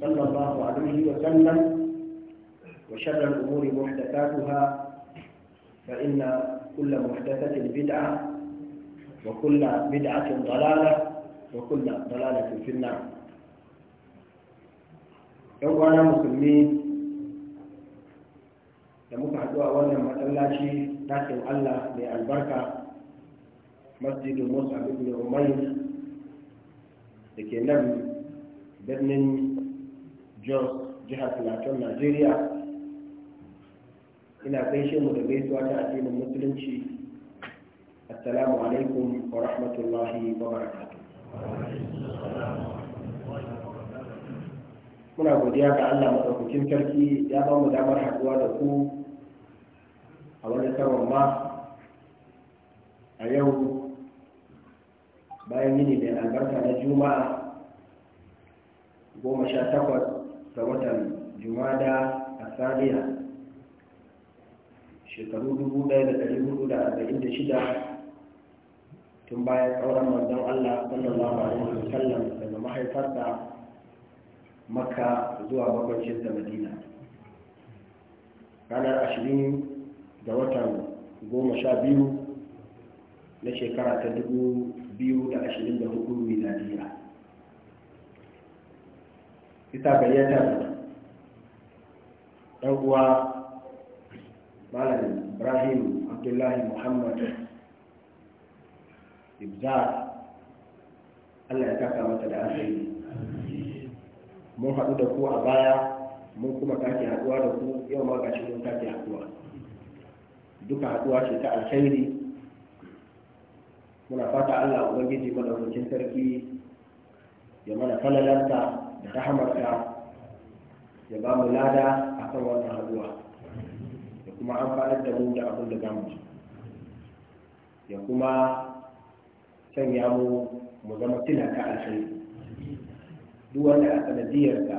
صلى الله عليه وسلم وشر الأمور محدثاتها فإن كل محدثة بدعة وكل بدعة ضلالة وكل ضلالة في النار يوانا مسلمين da muka haɗu a wannan matsalaci ɗakin Allah mai albarka masjidin Musa ibn Umayr da ke nan jos jihar filaton Najeriya ina gaishe mu da gaisuwa ta addinin musulunci assalamu alaikum wa rahmatullahi wa barakatu muna godiya ga allah maɗaukakin sarki ya ba mu damar haɗuwa da ku a wani karon ma a yau bayan yini mai albarka na juma'a goma sha takwas ga watan jumada a saniya shekaru 1446 tun bayan tsauran manzon Allah sallallahu alaihi wasallam daga mahaifarsa Makka zuwa bakwancin da Madina ranar ashirin ga watan goma sha biyu na shekara ta dubu biyu da ashirin da Isa gayyatar ɗanuwa uwa malam ibrahim abdullahi muhammad ibzar allah ya taka mata da asiri mun haɗu da ku a baya mun kuma kake haɗuwa da ku yau ma gashi mun kake haɗuwa duka haɗuwa ce ta alkhairi muna fata allah ubangiji madaukakin sarki ya mana falalanta da rahamarka ya ba mu lada a kan wannan haduwa ya kuma amfanar da mu da abin da za ci ya kuma sanya mu mu zama ta alheri duk wanda a da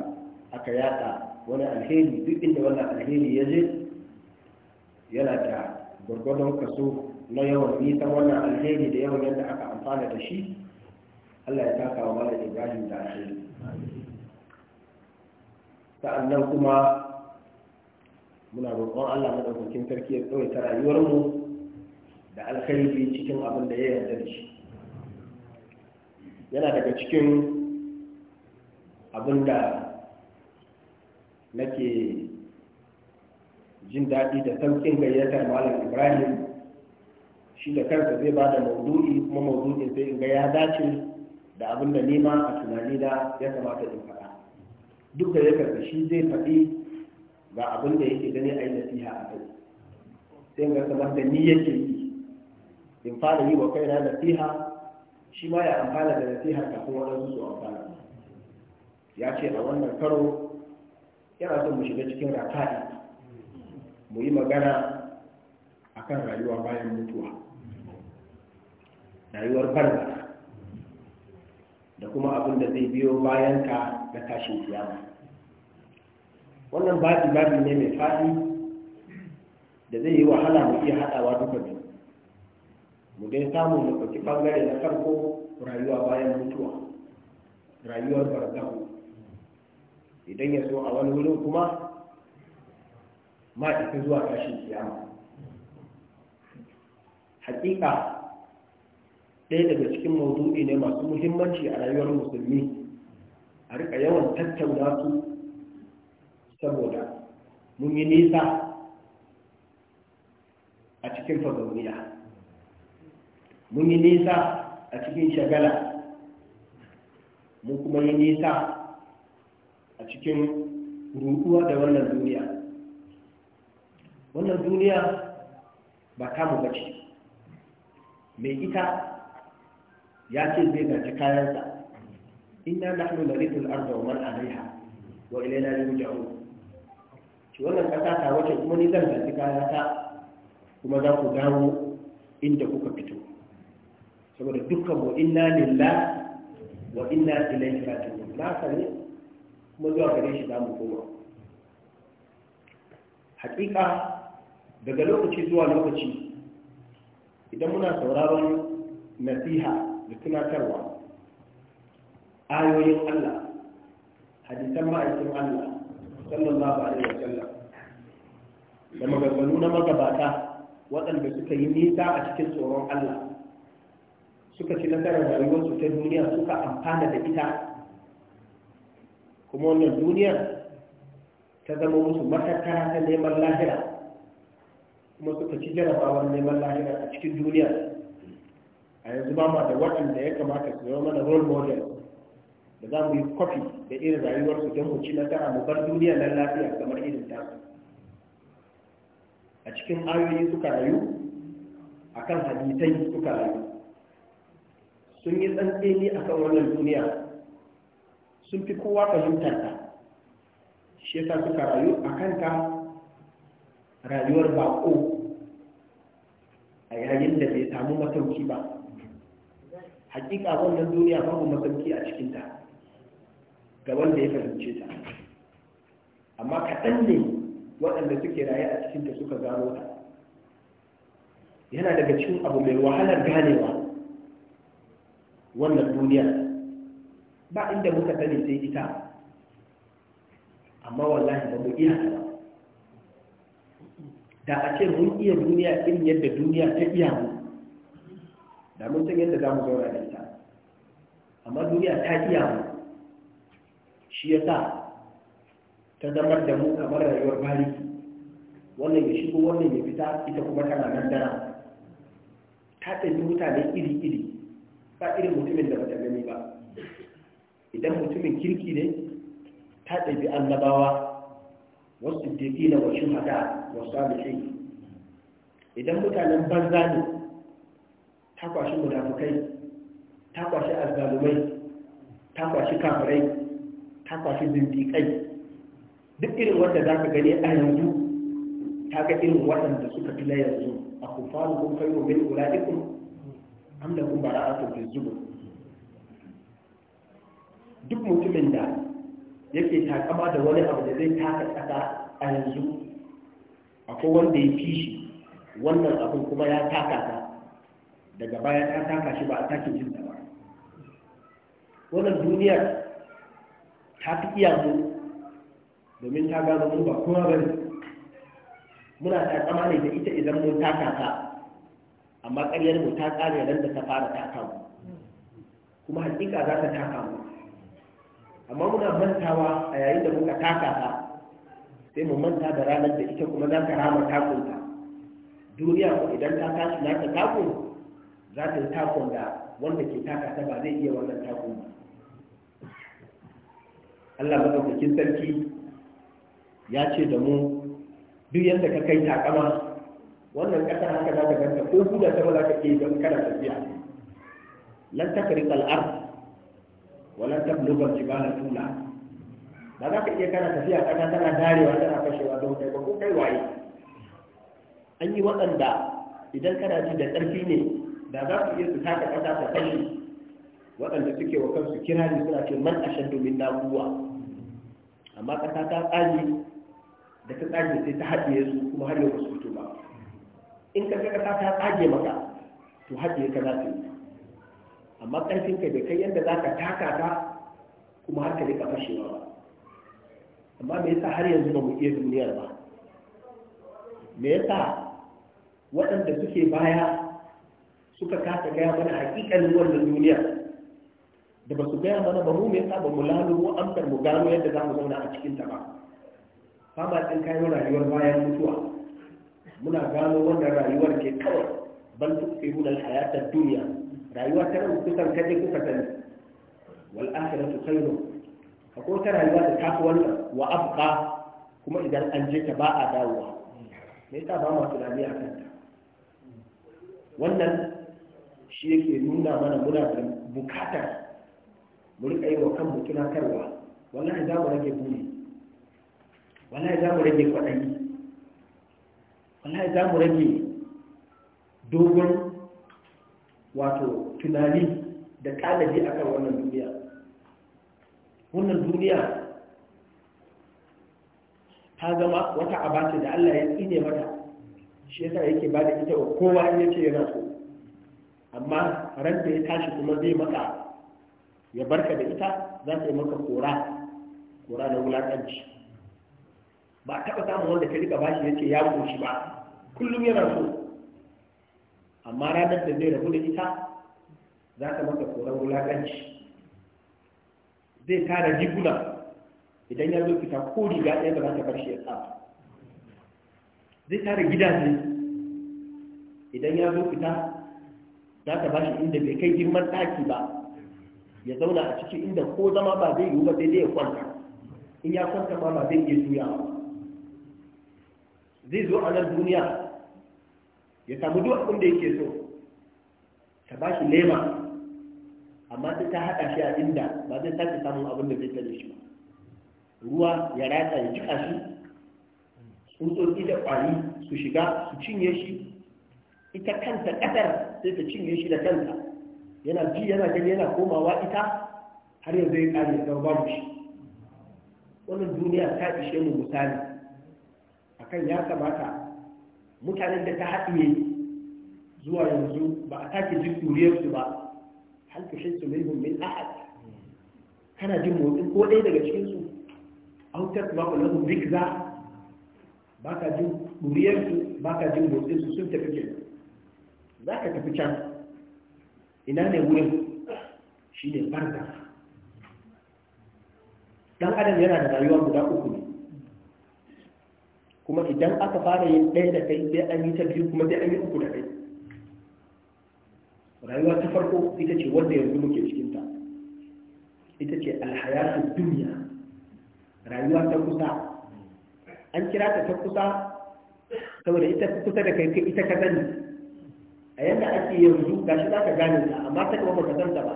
aka yada wani alheri duk inda wannan alheri ya je yana da gwargwadon kaso na yawan nisan wannan alheri da yawan yadda aka amfana da shi allah ya taka wa mara ibrahim da alheri sa'annan kuma muna roƙon Allah madaukakin sarki ya tsawaita rayuwarmu da alkhairi cikin abin da ya yarda da shi yana daga cikin abin da nake jin daɗi da sauƙin gayyatar malam ibrahim shi da kansa zai ba da maudu'i kuma maudu'in sai in ga ya dace da abin da nema a tunani da ya kamata in faɗa duk da ya karbi shi zai faɗi ga abin da yake gani a yi nasiha a kai sai ga kamar da ni yake yi in fara yi wa kaina nasiha shi ma ya amfana da nasiha kafin wani su amfana ya ce a wannan karo yana son mu shiga cikin raka'i mu yi magana a kan rayuwa bayan mutuwa rayuwar barza da kuma abin da zai biyo bayan ka da tashin kiyama wannan babi babi ne mai faɗi da zai yi wahala mu iya haɗawa duka biyu mu dai samu mu ɗauki ɓangare na farko rayuwa bayan mutuwa rayuwar barzahu idan ya so a wani wurin kuma ma ita zuwa tashin kiyama hakika ɗaya daga cikin maudu'i ne masu muhimmanci a rayuwar musulmi a rika yawan tattauna su saboda mun yi nisa a cikin fagauniya mun yi nisa a cikin shagala mun kuma yi nisa a cikin ruɗuwa da wannan duniya wannan duniya ba kamu ba ce mai ita ya ce zai gaji kayansa inna nahnu narithul arda wa man alaiha wa ilaina yurja'un ci wannan kasa ta wace kuma ni zan gaji kayata kuma za ku dawo inda kuka fito saboda dukkan mu inna lillah wa inna ilaihi raji'un na sani kuma zuwa gare shi za mu koma hakika daga lokaci zuwa lokaci idan muna sauraron nasiha da tunatarwa ayoyin Allah hadisan ma'aikin Allah sallallahu alaihi wa sallam da maganganu na magabata waɗanda suka yi nisa a cikin tsoron Allah suka ci nasarar rayuwarsu ta duniya suka amfana da ita kuma wannan duniyar ta zama musu matattara ta neman lahira kuma suka ci jarabawar neman lahira a cikin duniya a yanzu ba ma da waɗanda ya kamata su zama mana role model da za mu yi kwafi da irin su don mu ci nasara mu bar duniya nan lafiya kamar irin ta a cikin ayoyi suka rayu a kan hadisai suka rayu sun yi tsantseni a kan wannan duniya sun fi kowa fahimtar ta shi yasa suka rayu a kanta rayuwar baƙo a yayin da bai samu matauki ba hakika wannan duniya babu masauki a cikinta ga wanda ya fahimce ta amma kaɗan ne waɗanda suke raye a cikinta suka gano ta yana daga cikin abu mai wahalar ganewa wannan duniya ba inda muka sani sai ita amma wallahi ba mu iya ta da a ce mun iya duniya in yadda duniya ta iya mu da mun san yadda za mu zauna da ita amma duniya ta iya mu shi ya sa ta zama da mu kamar rayuwar bari wannan ya shigo wannan ya fita ita kuma tana nan dara ta tsaye mutane iri-iri ba irin mutumin da bata gani ba idan mutumin kirki ne ta ɗabi annabawa wasu dafi na wasu hada wasu abishin idan mutanen banza ne ta kwashi munafukai ta kwashi azzalumai ta kwashi kafirai ta kwashi zindiƙai duk irin wanda za ka gani a yanzu ta ga irin waɗanda suka fi yanzu a kufaru kun kai wa min ula'ikun an da kun bara a tsofi zubu duk mutumin da yake takama da wani abu da zai taka tsaka a yanzu akwai wanda ya fi shi wannan abin kuma ya taka daga baya ta taka shi ba a take jin ba wannan duniyar ta fi iya mu domin ta gano mu ba kuma bane muna ta ne da ita idan mun taka ta amma ƙaryar mu ta ƙare ran da ta fara taka mu kuma hakika za ta taka mu amma muna mantawa a yayin da muka taka ta sai mu manta da ranar da ita kuma za ta rama takunta duniya ko idan ta tashi na ta takun za ta yi takon da wanda ke taka ta ba zai iya wannan takon ba Allah madaukakin sarki ya ce da mu duk yadda ka kai takama wannan ƙasa haka za ka ganta ko kuda ta ba za ka ke don kana tafiya lan takari kal'ar walan tablugar jibala tula ba za ka iya kana tafiya ƙasa tana darewa tana fashewa don kai ba ko kai waye an yi waɗanda idan kana ji da ƙarfi ne da za su iya su taka kasa ta fashi waɗanda suke wa kansu kirari suna ce man domin na quwwa amma kasa ta tsage da ta tsage sai ta haɗiye su kuma har yau su fito ba in ka ga ta tsage maka to haɗiye ka za ta yi amma ƙarfin ka bai kai yadda za ka taka ta kuma har ka rika fashewa ba amma me yasa har yanzu ba mu iya duniyar ba me yasa waɗanda suke baya suka kasa gaya mana hakikalin wannan duniya da ba su gaya mana ba mu me yasa ba mu lalubo amsar mu gano yadda za mu zauna a cikin ta ba fama din kayan rayuwar bayan mutuwa muna gano wannan rayuwar ke kawai ban tuqirun al hayat ad dunya rayuwa ta nan kusan kaje kuka sani wal akhiratu khairun akwai ta rayuwa da fi wannan wa abqa kuma idan an je ta ba a dawowa me yasa ba mu tunani akan ta wannan shi yake nuna mana muna da bukatar mu yi wa mutuna karwa wallahi za mu rage buri wallahi za mu rage kwaɗayi wallahi za mu rage dogon wato tunani da ƙalaji a kan wannan duniya wannan duniya ta zama wata abace da allah ya tsine mata shi yasa yake ba da ita wa kowa in yace yana so amma ran da ya tashi kuma zai maka ya barka da ita za ta yi maka kora kora da wulaƙanci ba a taɓa samun wanda ka riƙa bashi ya ce ya koshi ba kullum yana so amma ranar da zai rabu da ita za ta maka koran wulaƙanci zai tara riguna idan ya zo fita ko riga ɗaya ba za ta bar shi ya tsaba zai tara gidaje idan ya zo fita za ta bashi inda bai kai girman ɗaki ba ya zauna a ciki inda ko zama ba zai yiwu ba sai dai ya kwanta in ya kwanta ma ba zai iya juya ba zai zo a nan duniya ya samu duk abin da yake so ta bashi lema amma sai ta haɗa shi a inda ba zai sake samun abin da zai tare shi ba ruwa ya ratsa ya jika shi tsutsotsi da ƙwari su shiga su cinye shi ita kanta ƙasar sai ta cinye shi da kanta yana ji yana gani yana komawa ita har yanzu ya kare da babu shi wannan duniya ta ishe mu misali akan ya kamata mutanen da ta haɗe zuwa yanzu ba a take jin su ba halkashin su minhum min ahad kana jin motsin ko ɗaya daga cikin su autar ba ku lahu rikza ba ka jin duriyarsu ba ka jin motsin su sun tafi kenan za ka tafi can ina ne wurin shi ne farga. ɗan adam yana da rayuwa guda uku ne kuma idan aka fara yin ɗaya da kai sai an yi ta biyu kuma sai an yi uku da kai rayuwa ta farko ita ce wanda yanzu muke cikinta ita ce alhayatun duniya rayuwa ta kusa an kira ta ta kusa saboda ita kusa da kai ita ka sani a yadda ake yanzu ga za ka gane ta amma ta kuma baka santa ba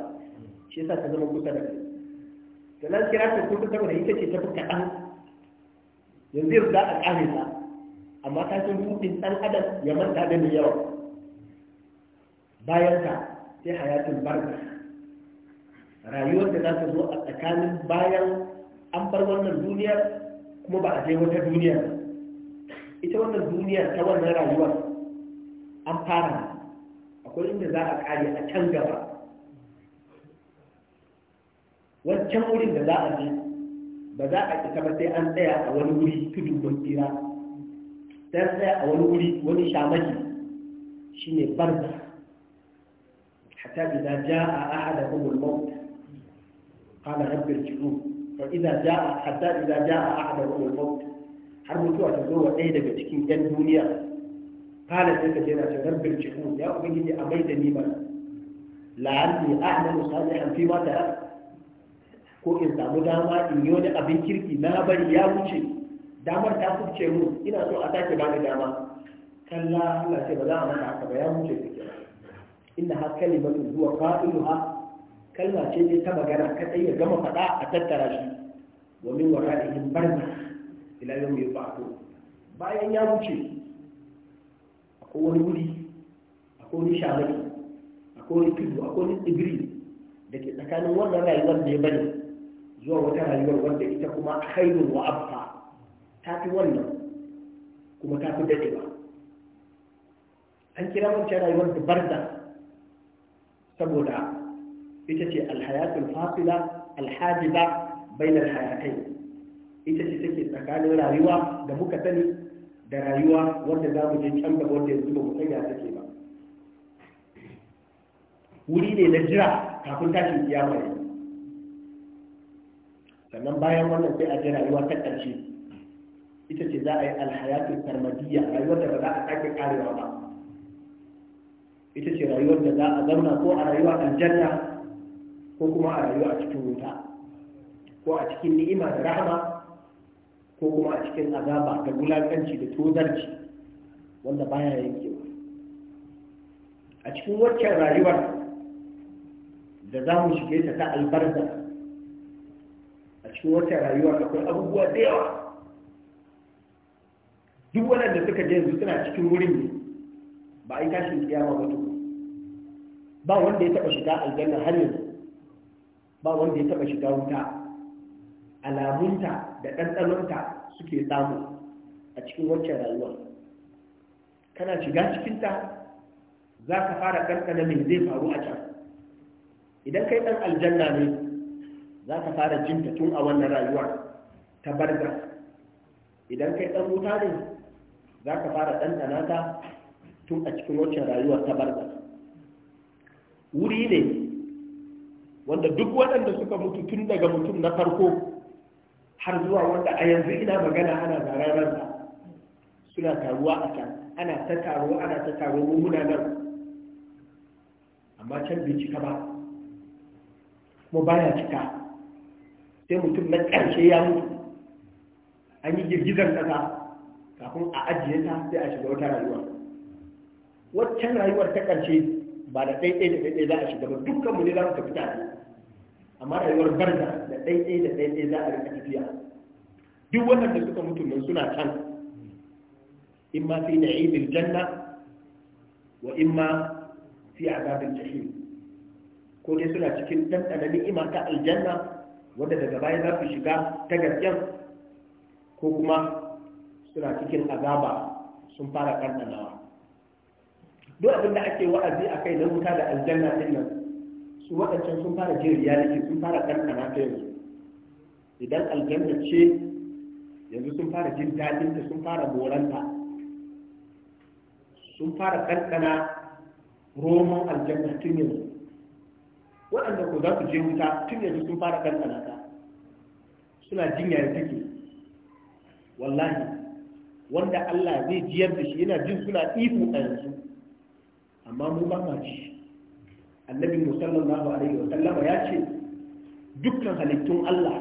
shi yasa ta zama kusa da kai sannan kira ta kusa wani ita ce ta fuka kaɗan yanzu yanzu za a ƙare ta amma ta san rufin ɗan adam ya manta da mai yawa bayan ta sai hayatin barka rayuwar da za ta zo a tsakanin bayan an bar wannan duniyar kuma ba a je wata duniyar ita wannan duniyar ta wannan rayuwar an fara akwai inda za a kare a can gaba wancan wurin da za a je ba za a isa ba sai an tsaya a wani wuri tudu don tsira sai tsaya a wani wuri wani shamaki shine barza hatta idza jaa ahadakum al-maut qala rabbi irji'un fa idza jaa hatta idza jaa ahadakum al-maut har mutuwa ta zo wa ɗaya daga cikin 'yan duniya kala sai ka je na ce rabbir jihu ya ubangiji a mai da ni mana la'alli a'malu salihan fi ma ta'ala ko in samu dama in yi wani abin kirki na bari ya wuce damar ta kubce mu ina so a sake bani dama kalla Allah ce ba za a maka haka ba ya wuce ku kenan inna ha kalimatu huwa qa'iluha kalma ce ne ta magana kadai ya gama faɗa a tattara shi wa min wara'ihim barza ila yawmi yub'athu bayan ya wuce akwai wani wuri akwai wani shamaki akwai wani tudu akwai wani tsibiri da ke tsakanin wannan rayuwar da ya bane zuwa wata rayuwar wanda ita kuma khairun wa abfa ta fi wannan kuma ta fi ba. an kira wancan rayuwar da barza saboda ita ce alhayatul fasila alhajiba bainal hayatai ita ce take tsakanin rayuwa da muka sani da rayuwa wanda za mu je can da wanda yanzu ba mu san ya take ba wuri ne na jira kafin tashin kiyama ne sannan bayan wannan sai a je rayuwa ta ƙarshe ita ce za a yi alhayatu tarmadiyya rayuwar da ba za a sake karewa ba ita ce rayuwar da za a zauna ko a rayuwa aljanna ko kuma a rayuwa a cikin wuta ko a cikin ni'ima da rahama ko kuma a cikin azaba da wulakanci da tozarci wanda baya ba. a cikin waccan rayuwar da za mu shige ta ta albarza a cikin waccan rayuwar akwai abubuwa da yawa duk waɗanda suka je yanzu suna cikin wurin ne ba a yi tashin kiyama ba ba wanda ya taɓa shiga aljanna har yanzu ba wanda ya taɓa shiga wuta alamunta da ɗanɗanonta suke samu a cikin wancan rayuwa kana shiga cikinta za ka fara ɗanɗana mai zai faru a can idan kai ɗan aljanna ne za ka fara jinta tun a wannan rayuwa ta barga idan kai ɗan wuta ne za ka fara ɗanɗana ta tun a cikin wancan rayuwa ta barga wuri ne wanda duk waɗanda suka mutu tun daga mutum na farko har zuwa wanda a yanzu ina magana ana zararar suna taruwa a can ana ta taro ana ta taro mummuna nan amma can bai cika ba kuma baya cika sai mutum na ƙarshe ya mutu an yi girgizar ƙasa kafin a ajiye ta sai a shiga wata rayuwa waccan rayuwar ta ƙarshe ba da ɗaiɗai da ɗaiɗai za a shiga ba dukkanmu ne za mu tafi tare amma rayuwar barza da ɗaiɗai da ɗaiɗai za a rika tafiya duk da suka mutu nan suna can in ma fi na'imil janna wa in ma fi azabin jahim ko dai suna cikin ɗanɗana ni'ima ta aljanna wanda daga baya za su shiga ta gasken ko kuma suna cikin azaba sun fara ɗanɗanawa duk abin da ake wa'azi a kai na wuta da aljanna ɗin nan su waɗancan sun fara jin reality sun fara ɗanɗana ta yanzu idan aljanna ce yanzu sun fara jin ta sun fara boranta sun fara ɗanɗana roman aljanna tun yanzu waɗanda ko za su je wuta tun yanzu sun fara ɗanɗana ta suna jin yaya take wallahi wanda Allah zai jiyar da shi yana jin suna ihu a yanzu amma mu ba ma ji annabi musallallahu alaihi wasallama ya ce dukkan halittun Allah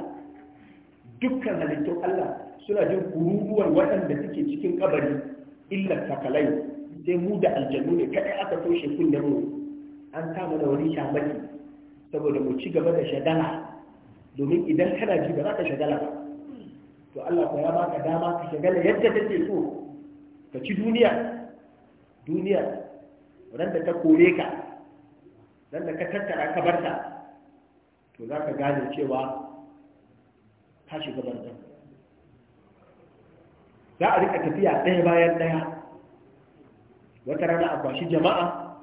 dukkan halittun Allah suna jin kururuwar waɗanda suke cikin kabari illa takalai sai mu da aljanu ne kada aka toshe kunnen mu an kama da wani shamaki saboda mu ci gaba da shagala domin idan kana ji ba za ka shagala ba to Allah ko ya baka dama ka shagala yadda kake so ka ci duniya duniya ran da ta kore ka dan da ka tattara ka barta to za ka gane cewa ka shiga barta za a rika tafiya ɗaya bayan ɗaya wata rana a kwashi jama'a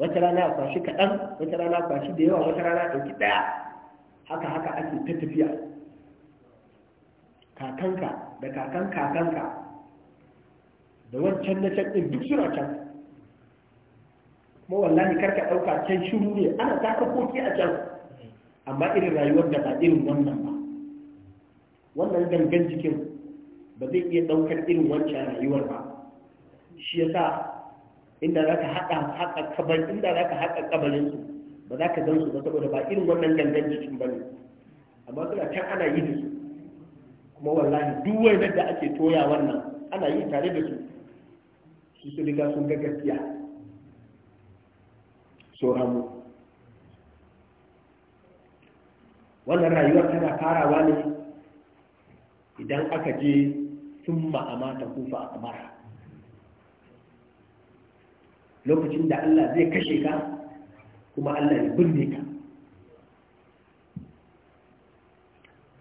wata rana a kwashi kaɗan wata rana a kwashi da yawa wata rana a ɗauki ɗaya haka haka ake ta tafiya kakanka da kakan kakanka da wancan na can ɗin duk suna can kuma wallahi karka dauka can shiru ne ana taka koki a can amma irin rayuwar da ba irin wannan ba wannan gangan jikin ba zai iya ɗaukar irin wancan rayuwar ba shi yasa inda zaka haka haka kabar inda za ka kabarin su ba za ka gansu ba saboda ba irin wannan gangan jikin ba ne amma suna can ana yi da su kuma wallahi duk wani da ake toya wannan ana yi tare da su su su riga sun ga gaskiya so wannan rayuwar tana farawa ne idan aka je sun ma'amata kufa a kamara lokacin da Allah zai kashe ka kuma Allah ya binne ka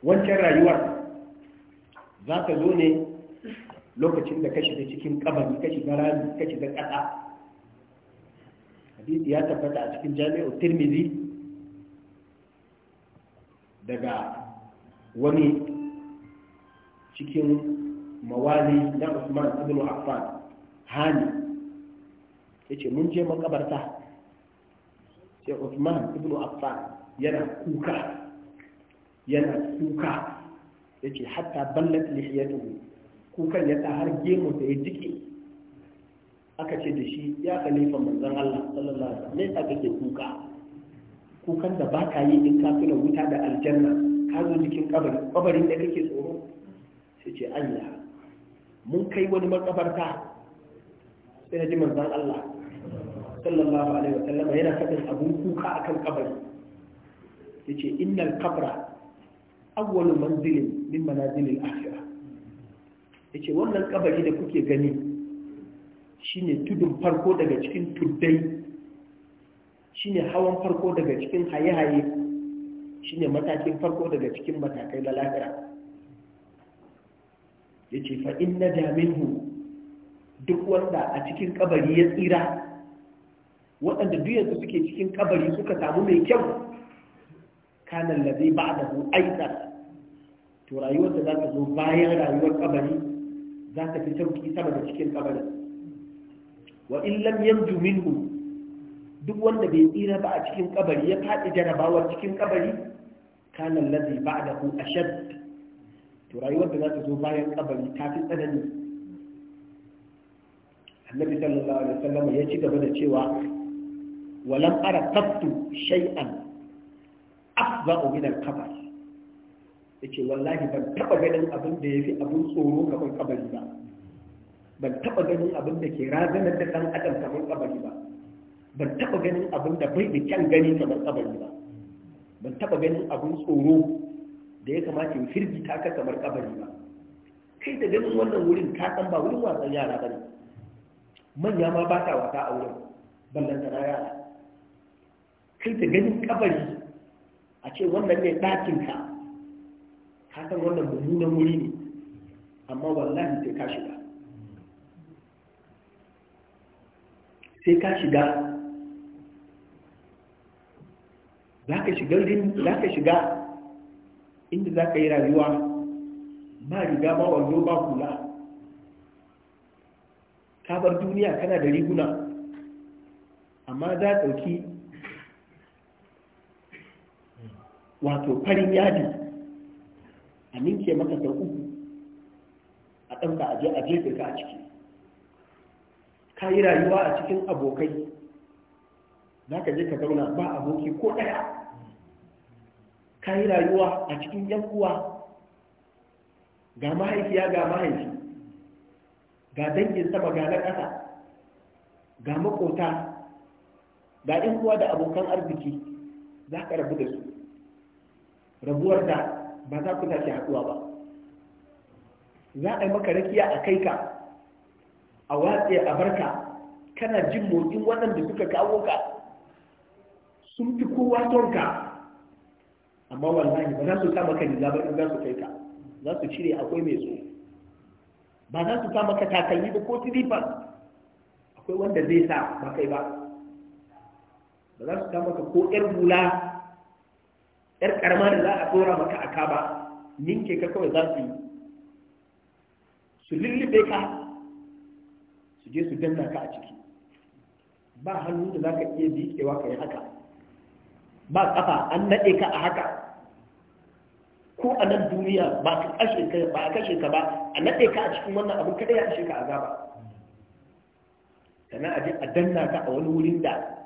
wancan rayuwar za ka zo ne lokacin da ka shiga cikin kabari ka shiga rami ka shiga ƙasa hadisi ya tabbata a cikin jami'u tirmizi daga wani cikin mawali na usman ibn affan hani yace mun je makabarta sai usman ibn affan yana kuka yana kuka yace hatta ballat lihiyatuhu kukan ya har gemu da ya jike aka ce da shi ya khalifa manzon Allah sallallahu alaihi wasallam ne aka kake kuka kukan da ba ka yi in ka tuna wuta da aljanna ka zo cikin kabari kabarin da kake tsoro sai ce Allah mun kai wani makabarta sai na ji manzon Allah sallallahu alaihi wasallam yana fadin abun kuka akan kabari ce innal qabra awwalu manzilin min manazilil akhirah yace wannan kabari da kuke gani shine tudun farko daga cikin tuddai shine hawan farko daga cikin haye-haye shine matakin farko daga cikin matakai na lafira ya ce fa'in na duk wanda a cikin kabari ya tsira waɗanda duk suke cikin kabari suka samu mai kyau kanan da zai ba da hu aikar to rayuwarsa za ta zo bayan rayuwar kabari za ta fi sauki sama da cikin kabarin wa in minhu duk wanda bai tsira ba a cikin kabari ya faɗi jarabawar cikin kabari kana allazi ba'dahu ashad to rayuwar da za ta zo bayan kabari ta fi tsanani annabi sallallahu alaihi wasallam ya ci gaba da cewa walam ara tattu shay'an afza'u min al-qabr yace wallahi ban taba ganin abin da yafi abin tsoro kafin kabari ba ban taba ganin abin da ke razanar da ɗan adam kamar kabari ba ban taba ganin abin da bai da kyan gani kamar kabari ba ban taba ganin abin tsoro da ya kamata in firgita ka kamar kabari ba kai da ganin wannan wurin ka san ba wurin wasan yara ba ne manya ma ba ta wasa a wurin ballan na yara kai da ganin kabari a ce wannan ne ɗakinka ka san wannan mummunan wuri ne amma wallahi sai ka shiga sai ka shiga za shiga inda za ka yi rayuwa ba riga ba wando ba kula ka bar duniya kana da riguna amma za ka ɗauki wato farin yadi a ninke maka sau uku a ɗauka aje aje ka a ciki ka yi rayuwa a cikin abokai za ka je ka zauna ba aboki ko ɗaya ka yi rayuwa a cikin yan uwa ga mahaifiya ga mahaifi ga dangin sama ga na ƙasa ga makota ga yan uwa da abokan arziki za ka rabu da su rabuwar da ba za ku tashi haɗuwa ba za a yi maka rakiya a kai ka a watse a barka kana jin motsin waɗanda suka kawo ka sun fi kowa tonka amma wallahi ba za su sa maka riga ba in za su kai ka za su cire akwai mai tsoro ba za su sa maka takalmi ba ko tilifan. akwai wanda zai sa ba kai ba ba za su sa maka ko 'yar hula 'yar karama da za a tsora maka a ba ninke ka kawai za su yi su lullube ka su je su danna ka a ciki ba hannu da za ka iya miƙewa ka yi haka ba ƙafa an naɗe ka a haka ko a nan duniya ba ka kashe ka ba a kashe ka ba a naɗe ka a cikin wannan abu kada ya kashe ka azaba sannan a je a danna ka a wani wurin da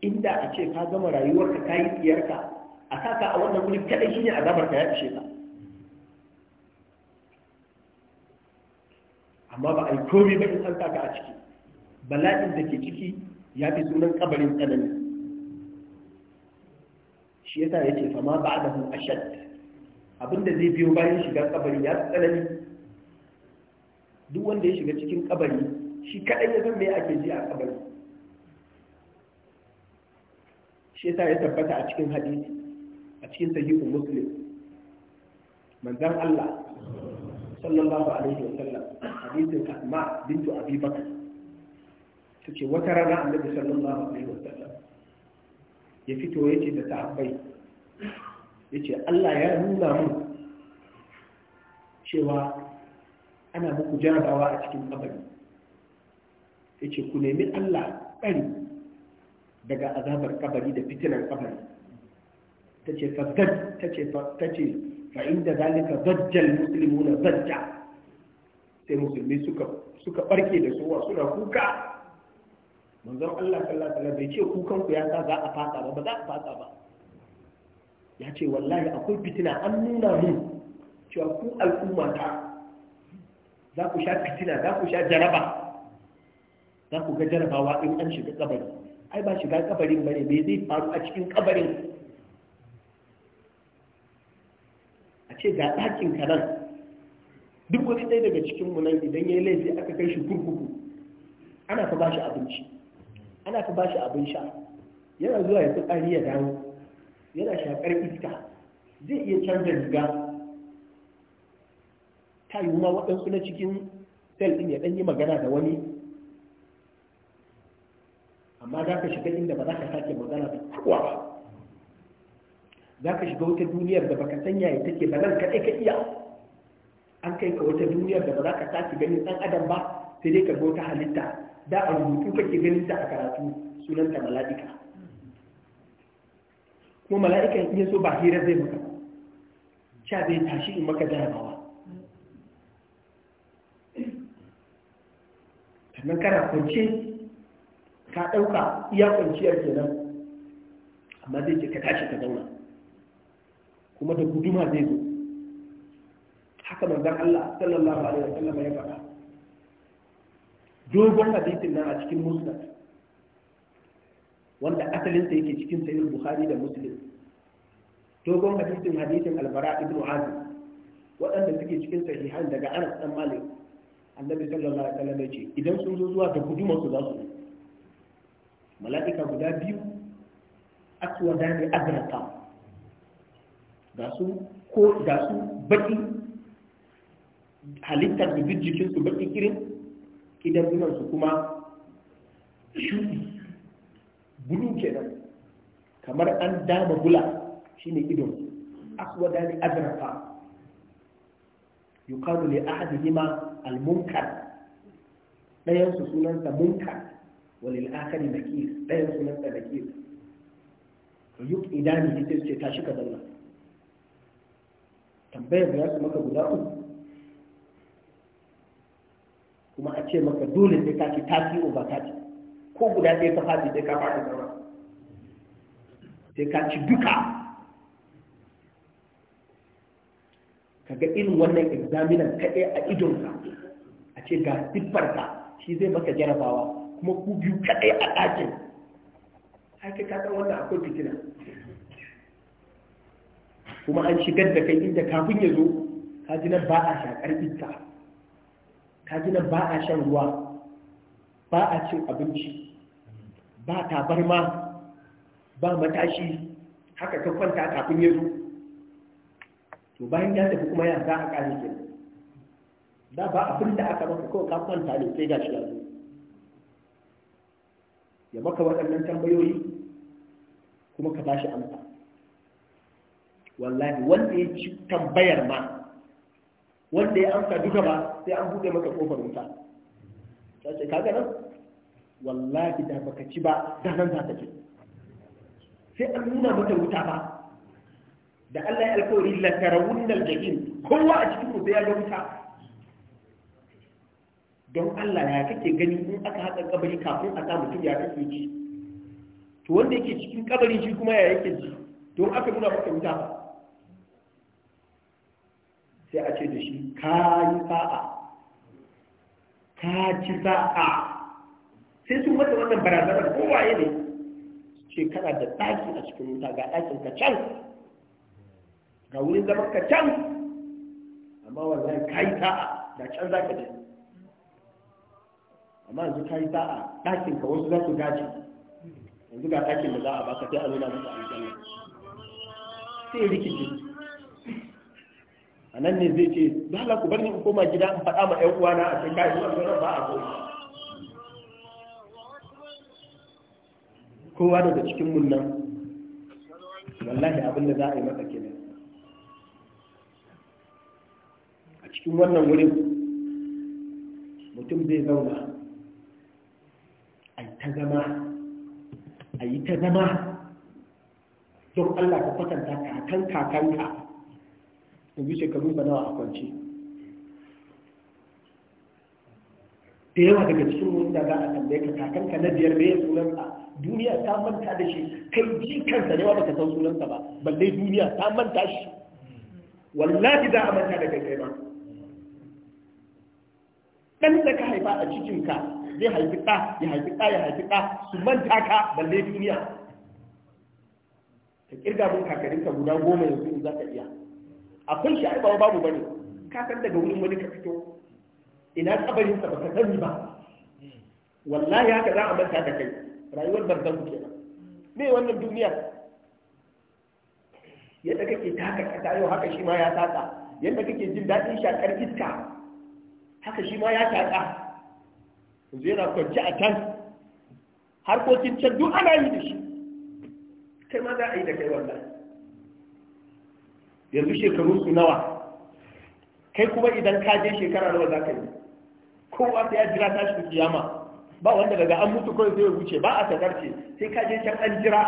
inda a ce ka gama rayuwarka ka yi tsiyarka a sa ka a wannan wurin kada shi ne azabar ka ya kashe ka amma ba a yi komai ba in an saka a ciki bala'in da ke ciki ya fi sunan kabarin tsanani shi yasa ya ce fama ba da hun ashad abinda zai biyo bayan shiga kabari ya tsanani duk wanda ya shiga cikin kabari shi kaɗan ya san me ake ji a kabari shi yasa ya tabbata a cikin hadisi a cikin sahihu muslim manzon Allah sallallahu alaihi wa sallam hadisin asma bintu abi bakr tace wata rana annabi sallallahu alaihi wa sallam ya fito yace da sahabbai yace Allah ya nuna mu cewa ana muku jarabawa a cikin kabari yace ku nemi Allah tsari daga azabar kabari da fitinar kabari tace fa tace fa tace fa inda zalika zajjal muslimuna zajja sai musulmi suka suka barke da suwa suna kuka manzon Allah sallallahu alaihi wasallam bai ce kukan ku ya sa za a fasa ba ba za a fasa ba ya ce wallahi akwai fitina an nuna mu cewa ku al'umma ta za ku sha fitina za ku sha jaraba za ku ga jarabawa in an shiga kabari ai ba shiga kabarin bane me zai faru a cikin kabarin ce ga ɗakin ka nan duk wani ɗaya daga cikin mu nan idan ya yi laifi aka kai shi kurkuku ana ba bashi abinci ana ba bashi abin sha yana zuwa ya fitsari ya dawo yana shakar iska zai iya canza riga ta yi ma waɗansu na cikin sel ɗin ya ɗan yi magana da wani amma za ka shiga inda ba za ka sake magana da kowa ba za ka shiga wata duniyar da baka san yaya take ba nan kaɗai ka iya an kai ka wata duniyar da ba za ka tashi ganin ɗan adam ba sai dai ka ga wata halitta da a rubutu kake ganin ta a karatu sunanta mala'ika kuma mala'ika in so ba hira zai maka sha zai tashi in maka jarabawa sannan kana kwance ka ɗauka iya kwanciyar kenan amma zai ce ka tashi ka zauna kuma da guduma zai zo haka manzon Allah sallallahu alaihi wa wasallam ya faɗa dogon hadisin nan a cikin musnad wanda asalinsa yake cikin sahih bukhari da muslim dogon hadisin hadisin albara ibn azib waɗanda suke cikin sahihan daga anas dan malik annabi sallallahu alaihi wa sallam, ce idan sun zo zuwa da guduma su za su mala'ika guda biyu aswada ne azraka ga su ko ga su baki halittar da duk jikinsu baki irin su kuma shuɗi bulu kenan kamar an dama bula shine idon wada ne azrafa yuqalu li ahadihima al-munkar ɗayan su sunansa munkar walil akari nakir ɗayan da nakir yuk idani ita ce tashi ka zauna tambayar ya su maka guda uku kuma a ce maka dole sai ka ci tafi ba ta ci ko guda ɗaya ka faɗi sai ka faɗi zama sai ka ci duka ka ga irin wannan examinan kaɗai a idonka a ce ga siffarka shi zai maka jarabawa kuma ku biyu kaɗai a ɗakin ai ka kaɗa wannan akwai fitina kuma an shigar da kai inda kafin ya zo ka ji nan ba a shakar iska ka ji nan ba a shan ruwa ba a cin abinci ba tabarma ba matashi haka ka kwanta kafin ya zo to bayan ya tafi kuma ya za a kare ke da ba abin da aka maka kawai ka kwanta ne sai gashi ya zo ya maka waɗannan tambayoyi kuma ka ba shi amsa wallahi wanda ya ci tambayar ma wanda ya amsa duka ba sai an bude maka kofar wuta ta ce kaga nan wallahi da baka ci ba da nan za ta ci sai an nuna mata wuta ba da Allah ya alkawari la tarawun dal jahim kowa a cikin ku ya ga wuta don Allah ya kake gani in aka haƙa kabari kafin a samu mutum ya kake ji to wanda yake cikin kabari shi kuma ya yake ji don aka nuna maka wuta ba sai a ce da shi ka yi sa'a ka ci sa'a sai sun mata wannan barazanar kowaye ne ce kana da ɗaki a cikin wuta ga ɗakin ka can ga wurin zaman ka can amma wannan ka yi sa'a da can za ka je amma yanzu ka yi sa'a ɗakin ka wasu za su gaji yanzu ga ɗakin da za a baka sai a nuna masa aljanna sai rikici a nan ne zai ce ba la ku bar ni koma gida in faɗa ma ƴan uwana a cikin kai wannan ba a so kowa daga cikin mun nan wallahi abin da za a yi maka kenan a cikin wannan wurin mutum zai zauna a yi ta zama a yi ta zama don Allah ka kwatanta kakan kakanka yanzu shekaru ba nawa a kwanci da yawa daga cikin wanda za a tambaye ka kakanka na biyar me sunanta duniya ta manta da shi kai ji kansa ne wanda ka san sunanta ba balle duniya ta manta shi wallahi za a manta da kai kai ma dan da ka haifa a cikinka zai haifi ɗa ya haifi ɗa ya haifi ɗa su manta ka balle duniya ka kirga mun kakarinka guda goma yanzu za ka iya akwai shi ai ba babu bane ka san daga wurin wani ka fito ina kabarin sa baka sani ba wallahi haka za a manta da kai rayuwar barzan ku kenan me wannan duniya yadda kake taka kasa yau haka shi ma ya taka yadda kake jin daɗin shakar iska haka shi ma ya taka yanzu yana kwanci a can harkokin can duk ana yi da shi kai ma za a yi da kai wallahi yanzu shekaru su nawa kai kuma idan ka je shekara nawa za ka yi kowa sai ya jira tashin kiyama ba wanda daga an mutu kawai zai wuce ba a sadarce sai ka je can an jira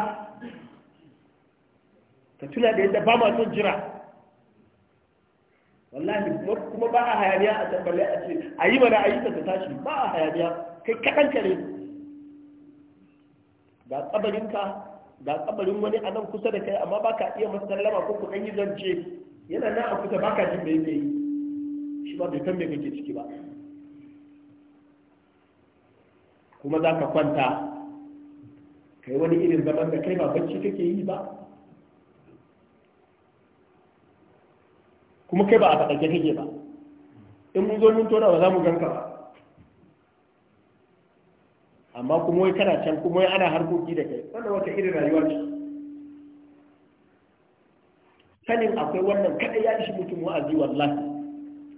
ka tuna da yadda ba ma son jira wallahi kuma ba a hayaniya a tambaye a ce a yi mana ayyuka ta tashi ba a hayaniya kai kaɗan kare ne ga tsabarinka ga kabarin wani a nan kusa da kai amma baka iya masa sallama ko ku dan yi zance yana nan a kusa baka jin da yake yi shi ba bai san me kake ciki ba kuma za ka kwanta kai wani irin zaman da kai ba bacci kake yi ba kuma kai ba a faɗa kake ba in mun zo mun tona ba za mu ganka ba amma kuma wai kana can kuma ana harkoki da kai wannan wata irin rayuwa ce sanin akwai wannan kada ya ishi mutum wa'azi wallahi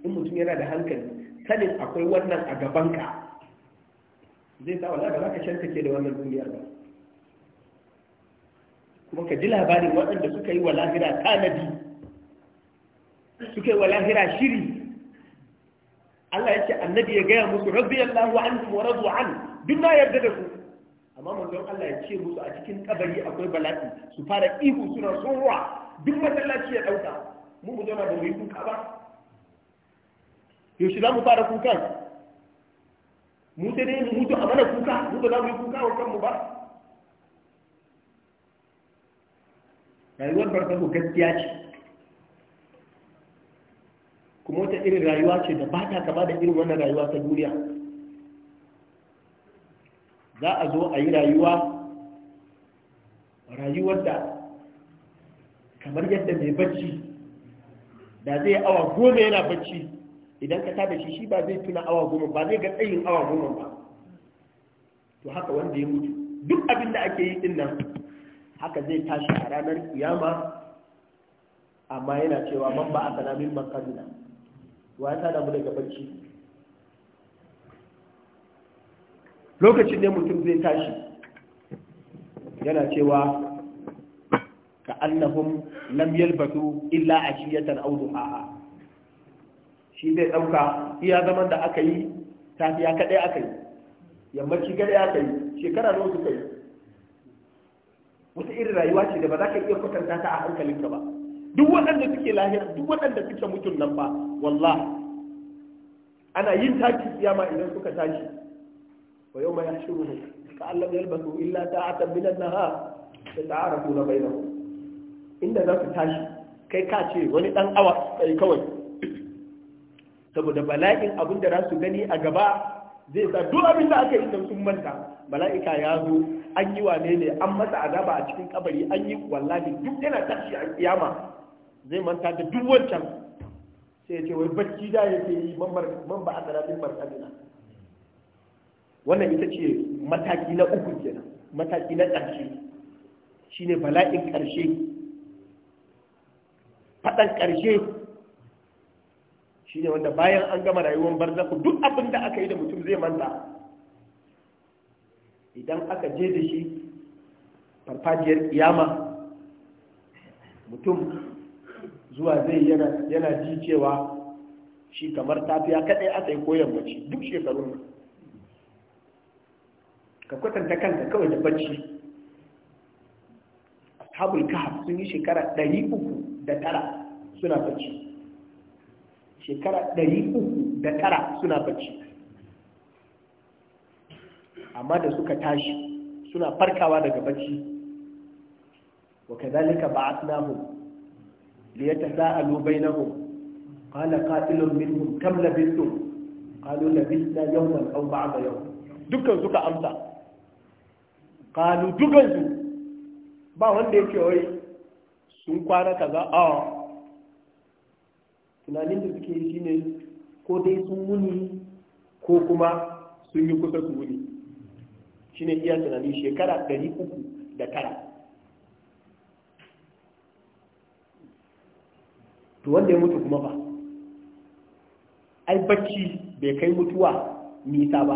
in mutum yana da hankali sanin akwai wannan a gaban ka zai sa wallahi ba za ka shanta ke da wannan duniyar ba kuma ka ji labarin waɗanda suka yi wa lahira tanadi suka yi wa lahira shiri Allah ya ce annabi ya gaya musu radiyallahu anhu wa radu an duk na yarda da su amma manzon Allah ya ce musu a cikin kabari akwai bala'i su fara ihu suna tsohuwa duk masallaci ya dauka mu mu zauna ba mu yi kuka ba yaushe za mu fara kukan mu sai dai mu mutu a mana kuka mu ba za mu yi kuka wa kanmu ba rayuwar farko gaskiya ce kuma wata irin rayuwa ce da ba ta kama da irin wannan rayuwa ta duniya za a zo a yi rayuwa rayuwar da kamar yadda mai bacci da zai awa goma yana bacci idan ka tada shi shi ba zai tuna awa goma ba zai ga tsayin awa goma ba to haka wanda ya mutu duk abin da ake yi din nan haka zai tashi a ranar kiyama amma yana cewa man ba a sanamin makamina. wa ya tada mu daga lokacin ne mutum zai tashi yana cewa ka annahum lam yalbatu illa ashiyatan aw duhaha shi zai dauka iya zaman da aka yi safiya kadai aka yi yammaci kadai aka yi shekara nawa suka yi wata irin rayuwa ce da ba za ka iya kwatanta ta a hankalinka ba duk waɗanda suke lahira duk waɗanda suke mutum nan ba Walla ana yin taki kiyama idan suka tashi wa yau mai ne. ka Allah ya albasu illa ta'atan min an-nahar ta ta'arafu na bainahu inda za ku tashi kai ka ce wani dan awa kai kawai saboda bala'in abin da za su gani a gaba zai sa duk abin da aka yi da sun manta Bala'ika ya zo an yi wane ne an masa azaba a cikin kabari an yi wallahi duk yana tashi a kiyama zai manta da duk wancan sai ce wai bacci da yake yi man ba a tsarafin martabina wannan ita ce mataki na uku kenan mataki na ƙarshe shine bala'in ƙarshe faɗan ƙarshe shine wanda bayan an gama rayuwar barzaku duk abin da aka yi da mutum zai manta idan aka je da shi farfajiyar kiyama mutum zuwa zai yana ji cewa shi kamar tafiya kadai aka yi koyon yammaci duk shekarun nan ka kwatanta kanka kawai da bacci ashabul kahf sun yi shekara 309 suna bacci shekara 309 suna bacci amma da suka tashi suna farkawa daga bacci wa kadhalika ba'athnahum ليتساءلوا بينهم قال قاتل منهم كم لبثتم قالوا لبثنا يوما او بعض يوم dukkan امسا قالوا kalu dukansu با وند يكي وي sun kwana kaza a tunanin da suke yi shine ko dai sun muni ko kuma sun yi kusa su wuni shine iya tunanin shekara 300 da tara to wanda ya mutu kuma ba ai bacci bai kai mutuwa nisa ba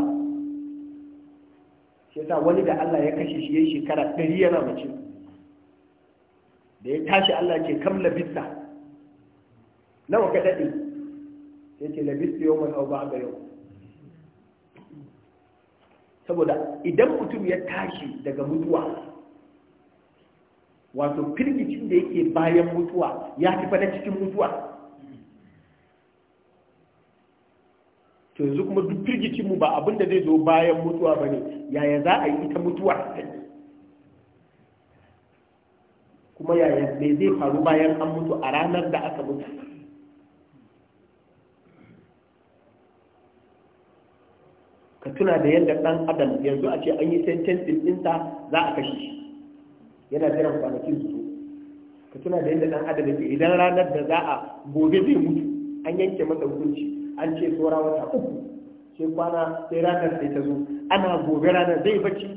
shi yasa wani da Allah ya kashe shi yayin shekara 100 yana mace da ya tashi Allah ke kam labista nawa ka dade sai ce labista yau mai auba ga yau saboda idan mutum ya tashi daga mutuwa wato firgicin da yake bayan mutuwa ya fi fada cikin mutuwa to yanzu kuma duk firgicinmu ba abinda zai zo bayan mutuwa ba ne yaya za a yi ita mutuwa kuma yaya mai zai faru bayan an mutu a ranar da aka mutu ka tuna da yadda ɗan adam yanzu a ce an yi sentensin ɗinsa za a kashe shi yana jiran kwanakin su ka tuna da yadda dan adam yake idan ranar da za a gobe zai mutu an yanke masa hukunci an ce tsora wata uku sai kwana sai ranar sai ta zo ana gobe ranar zai bace.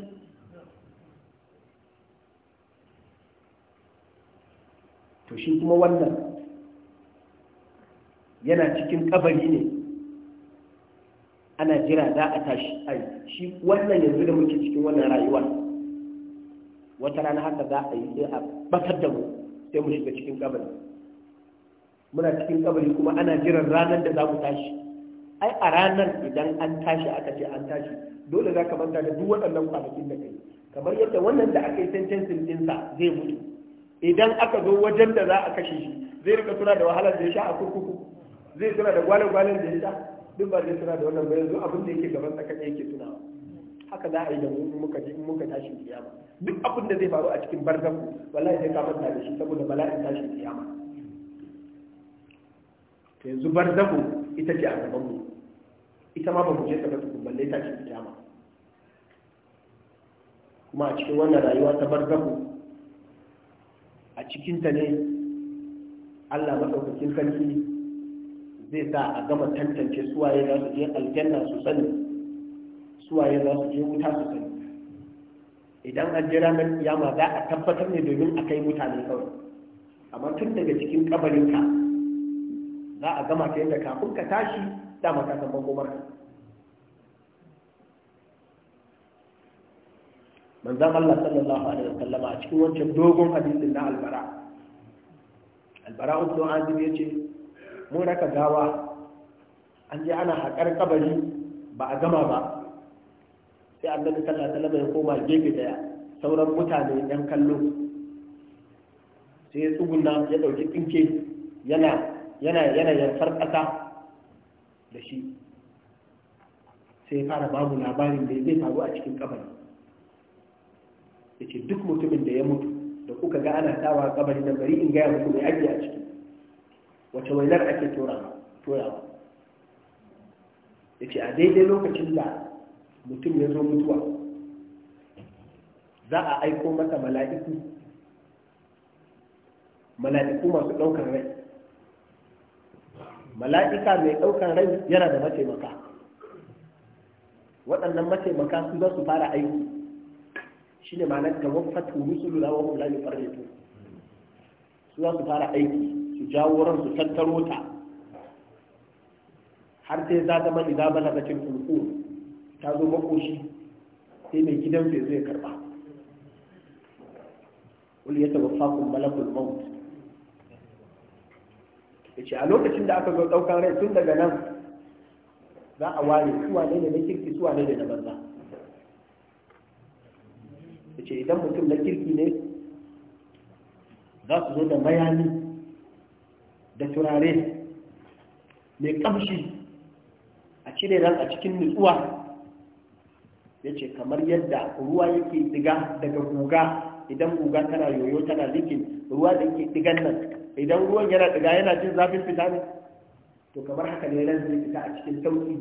to shi kuma wannan yana cikin kabari ne ana jira za a tashi ai shi wannan yanzu da muke cikin wannan rayuwar wata rana haka za a yi sai a bakar da mu sai mu shiga cikin kabari muna cikin kabari kuma ana jiran ranar da za mu tashi ai a ranar idan an tashi aka ce an tashi dole za ka manta da duk waɗannan kwanakin da kai kamar yadda wannan da aka yi sentencing ɗinsa zai mutu idan aka zo wajen da za a kashe shi zai rika suna da wahalar da ya sha a kurkuku zai suna da gwale-gwalen da ya sha duk ba zai suna da wannan bayan zo abin da yake gaban tsakanin yake tunawa haka za a yi da mu muka ji muka tashi kiyama duk abin da zai faru a cikin barzaku wallahi sai ka manta da shi saboda bala'in tashi kiyama to yanzu barzaku ita ce a gaban mu ita ma ba mu je ta ku tukun balle tashi kiyama kuma a cikin wannan rayuwa ta barzaku a cikinta ne allah maɗaukakin sarki zai sa a gama tantance suwaye za su je aljanna su sani suwaye za su je wuta su sani idan an jira na kiyama za a tabbatar ne domin a kai mutane kawai amma tun daga cikin kabarinka za a gama ta yadda kafin ka tashi dama ka san makomar ka manzan Allah sallallahu alaihi wasallama a cikin wancan dogon hadisin na albara albara ibn azib yace mun raka gawa an je ana haƙar kabari ba a gama ba sai annabi sallallahu alaihi wasallam ya koma gefe daya sauran mutane yan kallo sai ya tsuguna ya dauki tsinke yana yana yana yantar ƙasa da shi sai fara babu labarin da zai faru a cikin kabari ya duk mutumin da ya mutu da kuka ga ana tawa kabari da bari in gaya muku mai aji a ciki wace wailar ake tora toyawa ce a daidai lokacin da mutum ya zo mutuwa za a aiko masa mala'iku mala'iku masu ɗaukar rai mala'ika mai ɗaukar rai yana da mataimaka waɗannan mataimaka su za su fara aiki shi ne ma'anar tawaffatu wa na ne la yufarritu su za su fara aiki su jawo ran su tattaro ta har sai za ta mani za balagacin tulkur ta zo makoshi sai mai gidan sai zai karba Wani ya fakon malakul maut ce a lokacin da aka zo daukan rai tun daga nan za a ware suwa ne na kirki suwa ne na banza ce idan mutum na kirki ne za su zo da mayani da turare mai kamshi a cire ran a cikin nutsuwa ya ce kamar yadda ruwa yake diga daga guga idan guga tana yoyo tana likin ruwa da ke digan nan idan ruwan yana diga yana jin zafin fita ne to kamar haka ne ran zai fita a cikin sauki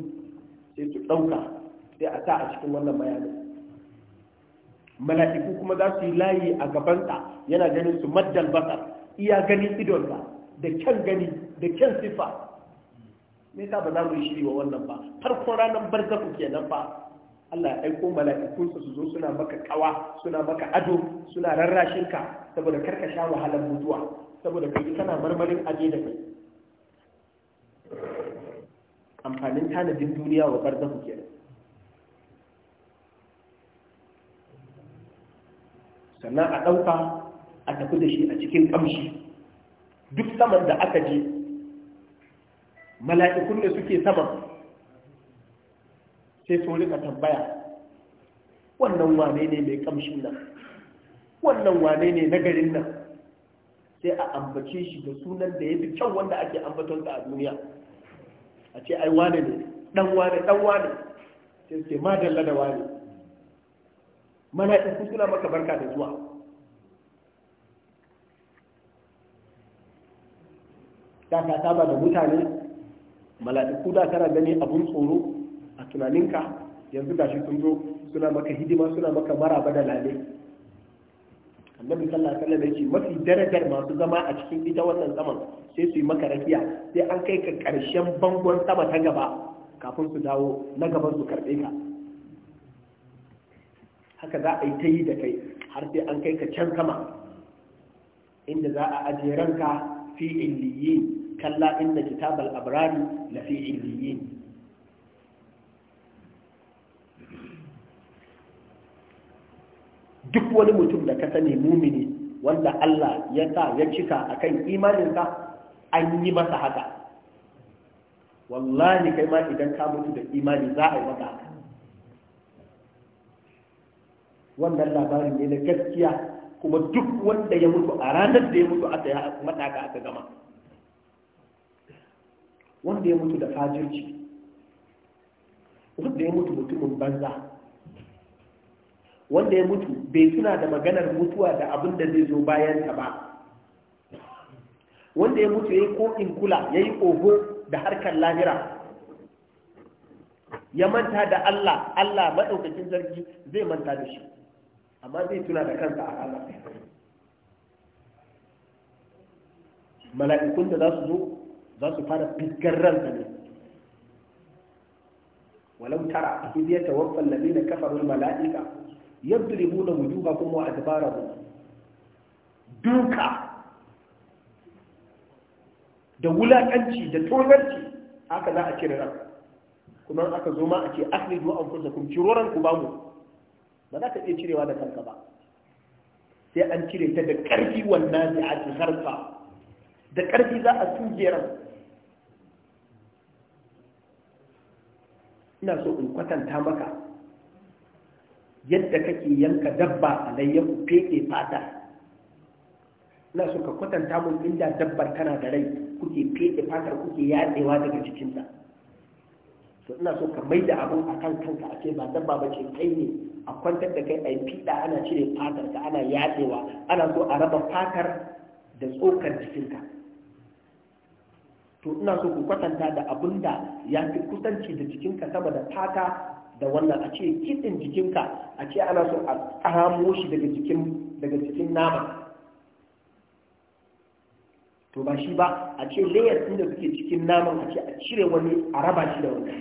sai su ɗauka sai a sa a cikin wannan bayani mala'iku kuma za su yi layi a gabanta yana ganin su maddal basar iya gani ka da kyan gani da kyan sifa me ba za mu yi shiri wa wannan ba farkon ranar barzaku kenan fa Allah ya aiko mala'ikunsa su zo suna maka kawa suna maka ado suna rarrashin ka saboda karka sha wahalar mutuwa saboda kai kana marmarin aje da kai amfanin tanadin duniya wa barzahu ke sannan a ɗauka a tafi da shi a cikin kamshi duk saman da aka je mala'ikun da suke saman sai sun rika tambaya wannan wane ne mai kamshin nan wannan wane ne na garin nan sai a ambace shi da sunan da ya fi kyau wanda ake ambatonsa a duniya a ce ai wane ne dan wane dan wane sai sai ma dalla da wane mana in suna maka barka da zuwa da ka saba da mutane mala'iku da tana gani abun tsoro tunaninka yanzu gashi sun zo suna maka hidima suna maka maraba da lalai annabi sallallahu alaihi wasallam yace mafi darajar masu zama a cikin ita wannan saman sai su yi maka rakiya sai an kai ka karshen bangon sama ta gaba kafin su dawo na gaban su karbe ka haka za a yi ta yi da kai har sai an kai ka can sama inda za a ajiye ranka fi illiyin kalla inna kitabal abrari la fi illiyin duk wani mutum da ka sani mumini wanda Allah ya sa ya cika a kan imaninsa an yi masa haka wallahi kai ma idan ka mutu da imani za a yi maka haka wannan labarin ne na gaskiya kuma duk wanda ya mutu a ranar da ya mutu aka kuma mataka aka gama wanda ya mutu da fajirci wanda ya mutu mutumin banza wanda ya mutu bai tuna da maganar mutuwa da abin da zai zo bayansa ba wanda ya mutu ya yi ko in kula ya yi ƙoho da harkar lahira ya manta da Allah Allah maɗaukakin zargi zai manta da shi amma zai tuna da kansa a ranar mala'ikun da za su zo za su fara fiskar ransa ne walau tara idh yatawaffa alladhina kafaru mala'ika. yadribuna wujuhakum wa adbarakum duka da wulakanci da tonarci haka za a kira ran kuma aka zo ma a ce kusa anfusakum ciro ran ku bamu ba za ka iya cirewa da kanka ba sai an cire ta da karfi wannan da a harfa da karfi za a tuge ran ina so in kwatanta maka yadda kake yanka dabba a alayyahu feke fata ina so ka kwatanta mun inda dabbar tana da rai kuke fete fatar kuke yadewa daga jikinta to ina so ka maida abun a kan kanka a ce ba dabba ba ce kai ne a kwantar da kai a fiɗa ana cire fatar ka ana yadewa ana so a raba fatar da tsokar jikinka to ina so ku kwatanta da abun da ya fi kusanci da jikinka sama da fata da wannan a ce kitsin jikinka a ce ana so a tsamo shi daga jikin daga jikin nama to ba shi ba a ce layar din da suke cikin naman a ce a cire wani a raba shi da wani